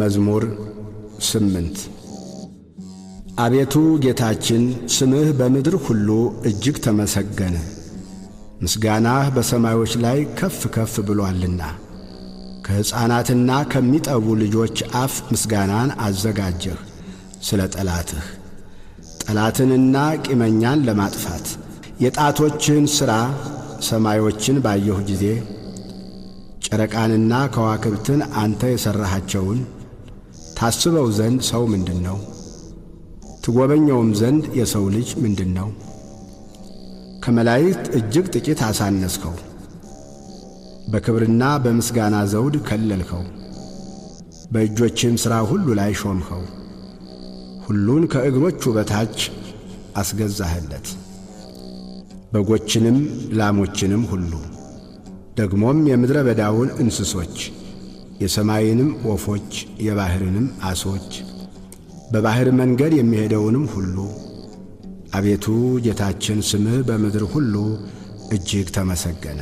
መዝሙር ስምንት አቤቱ ጌታችን ስምህ በምድር ሁሉ እጅግ ተመሰገነ፣ ምስጋናህ በሰማዮች ላይ ከፍ ከፍ ብሎአልና። ከሕፃናትና ከሚጠቡ ልጆች አፍ ምስጋናን አዘጋጀህ ስለ ጠላትህ፣ ጠላትንና ቂመኛን ለማጥፋት የጣቶችህን ሥራ ሰማዮችን ባየሁ ጊዜ ጨረቃንና ከዋክብትን አንተ የሠራሃቸውን ታስበው ዘንድ ሰው ምንድን ነው? ትጎበኘውም ዘንድ የሰው ልጅ ምንድን ነው? ከመላእክት እጅግ ጥቂት አሳነስከው፣ በክብርና በምስጋና ዘውድ ከለልከው፣ በእጆችም ሥራ ሁሉ ላይ ሾምከው ሁሉን ከእግሮቹ በታች አስገዛህለት፣ በጎችንም ላሞችንም ሁሉ ደግሞም የምድረ በዳውን እንስሶች የሰማይንም ወፎች የባሕርንም አሶች በባሕር መንገድ የሚሄደውንም ሁሉ አቤቱ ጌታችን ስምህ በምድር ሁሉ እጅግ ተመሰገነ።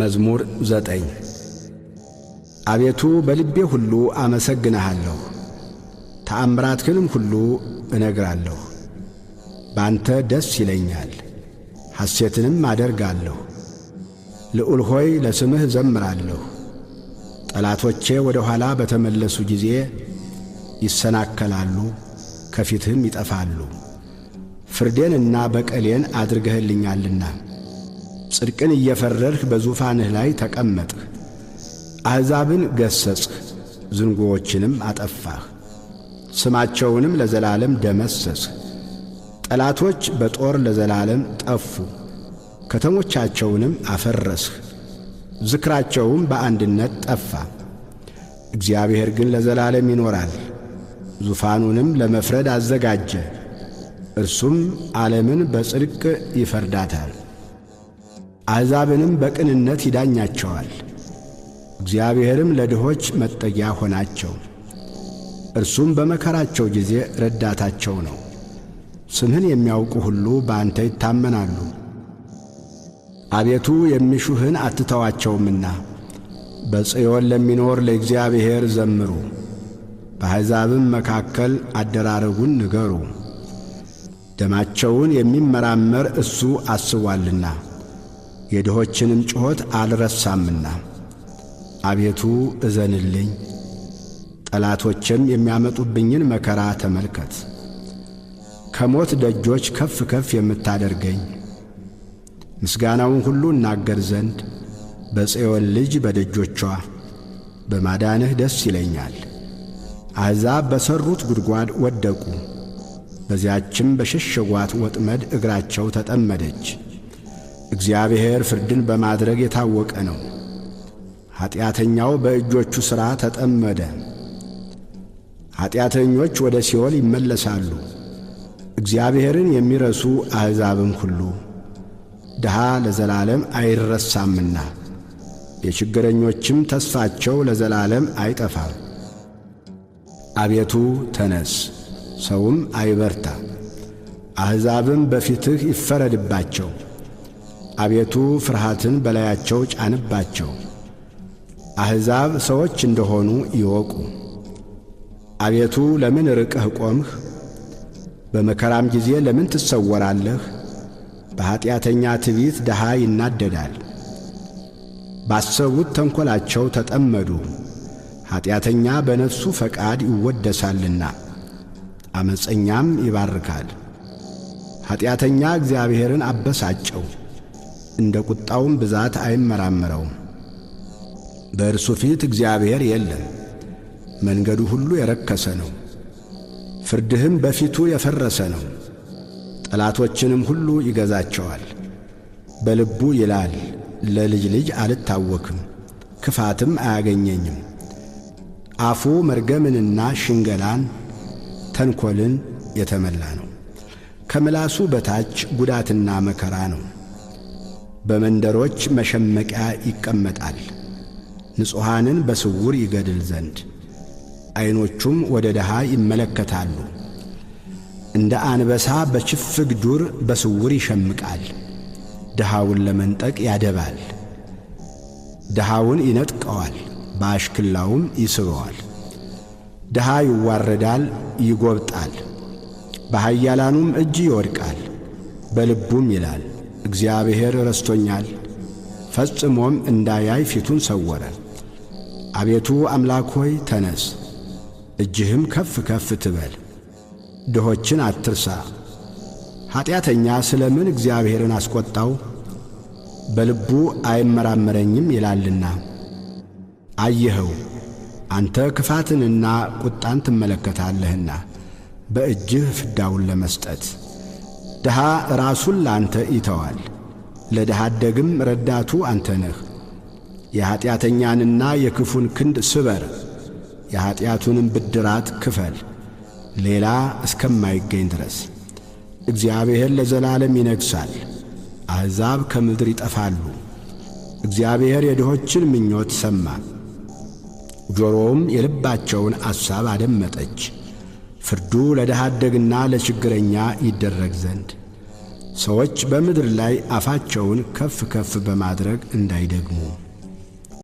መዝሙር ዘጠኝ አቤቱ በልቤ ሁሉ አመሰግንሃለሁ፣ ተአምራትህንም ሁሉ እነግራለሁ። ባንተ ደስ ይለኛል፣ ሐሴትንም አደርጋለሁ። ልዑል ሆይ ለስምህ ዘምራለሁ። ጠላቶቼ ወደ ኋላ በተመለሱ ጊዜ ይሰናከላሉ፣ ከፊትህም ይጠፋሉ። ፍርዴንና በቀሌን አድርገህልኛልና ጽድቅን እየፈረድህ በዙፋንህ ላይ ተቀመጥህ። አሕዛብን ገሠጽህ፣ ዝንጎዎችንም አጠፋህ፣ ስማቸውንም ለዘላለም ደመሰስህ። ጠላቶች በጦር ለዘላለም ጠፉ። ከተሞቻቸውንም አፈረስህ፣ ዝክራቸውም በአንድነት ጠፋ። እግዚአብሔር ግን ለዘላለም ይኖራል፣ ዙፋኑንም ለመፍረድ አዘጋጀ። እርሱም ዓለምን በጽድቅ ይፈርዳታል፣ አሕዛብንም በቅንነት ይዳኛቸዋል። እግዚአብሔርም ለድሆች መጠጊያ ሆናቸው፣ እርሱም በመከራቸው ጊዜ ረዳታቸው ነው። ስምህን የሚያውቁ ሁሉ በአንተ ይታመናሉ። አቤቱ የሚሹህን አትተዋቸውምና በጽዮን ለሚኖር ለእግዚአብሔር ዘምሩ፣ በአሕዛብም መካከል አደራረጉን ንገሩ። ደማቸውን የሚመራመር እሱ አስቧልና የድሆችንም ጩኸት አልረሳምና። አቤቱ እዘንልኝ፣ ጠላቶችም የሚያመጡብኝን መከራ ተመልከት። ከሞት ደጆች ከፍ ከፍ የምታደርገኝ ምስጋናውን ሁሉ እናገር ዘንድ በጽዮን ልጅ በደጆቿ በማዳንህ ደስ ይለኛል። አሕዛብ በሠሩት ጉድጓድ ወደቁ፣ በዚያችም በሸሸጓት ወጥመድ እግራቸው ተጠመደች። እግዚአብሔር ፍርድን በማድረግ የታወቀ ነው። ኀጢአተኛው በእጆቹ ሥራ ተጠመደ። ኀጢአተኞች ወደ ሲኦል ይመለሳሉ፣ እግዚአብሔርን የሚረሱ አሕዛብም ሁሉ ድሃ ለዘላለም አይረሳምና የችግረኞችም ተስፋቸው ለዘላለም አይጠፋም። አቤቱ ተነስ፣ ሰውም አይበርታ፣ አሕዛብም በፊትህ ይፈረድባቸው። አቤቱ ፍርሃትን በላያቸው ጫንባቸው፣ አሕዛብ ሰዎች እንደሆኑ ይወቁ። አቤቱ ለምን ርቀህ ቆምህ? በመከራም ጊዜ ለምን ትሰወራለህ? በኀጢአተኛ ትዕቢት ድሃ ይናደዳል። ባሰቡት ተንኰላቸው ተጠመዱ። ኀጢአተኛ በነፍሱ ፈቃድ ይወደሳልና ዓመፀኛም ይባርካል። ኀጢአተኛ እግዚአብሔርን አበሳጨው፣ እንደ ቁጣውም ብዛት አይመራመረውም። በእርሱ ፊት እግዚአብሔር የለም። መንገዱ ሁሉ የረከሰ ነው፣ ፍርድህም በፊቱ የፈረሰ ነው። ጠላቶችንም ሁሉ ይገዛቸዋል። በልቡ ይላል ለልጅ ልጅ አልታወክም፣ ክፋትም አያገኘኝም። አፉ መርገምንና ሽንገላን ተንኰልን የተመላ ነው። ከምላሱ በታች ጉዳትና መከራ ነው። በመንደሮች መሸመቂያ ይቀመጣል፣ ንጹሓንን በስውር ይገድል ዘንድ ዐይኖቹም ወደ ድሃ ይመለከታሉ። እንደ አንበሳ በችፍግ ዱር በስውር ይሸምቃል። ድሃውን ለመንጠቅ ያደባል። ድሃውን ይነጥቀዋል፣ በአሽክላውም ይስበዋል። ድሃ ይዋረዳል፣ ይጐብጣል፣ በኃያላኑም እጅ ይወድቃል። በልቡም ይላል እግዚአብሔር ረስቶኛል፣ ፈጽሞም እንዳያይ ፊቱን ሰወረ። አቤቱ አምላክ ሆይ ተነስ፣ እጅህም ከፍ ከፍ ትበል። ድሆችን አትርሳ። ኀጢአተኛ ስለ ምን እግዚአብሔርን አስቈጣው? በልቡ አይመራመረኝም ይላልና። አየኸው፣ አንተ ክፋትንና ቁጣን ትመለከታለህና በእጅህ ፍዳውን ለመስጠት ድሃ ራሱን ለአንተ ይተዋል፣ ለድሃ አደግም ረዳቱ አንተ ነህ። የኀጢአተኛንና የክፉን ክንድ ስበር፣ የኀጢአቱንም ብድራት ክፈል። ሌላ እስከማይገኝ ድረስ እግዚአብሔር ለዘላለም ይነግሣል፣ አሕዛብ ከምድር ይጠፋሉ። እግዚአብሔር የድሆችን ምኞት ሰማ፣ ጆሮውም የልባቸውን አሳብ አደመጠች። ፍርዱ ለድሃ አደግና ለችግረኛ ይደረግ ዘንድ ሰዎች በምድር ላይ አፋቸውን ከፍ ከፍ በማድረግ እንዳይደግሙ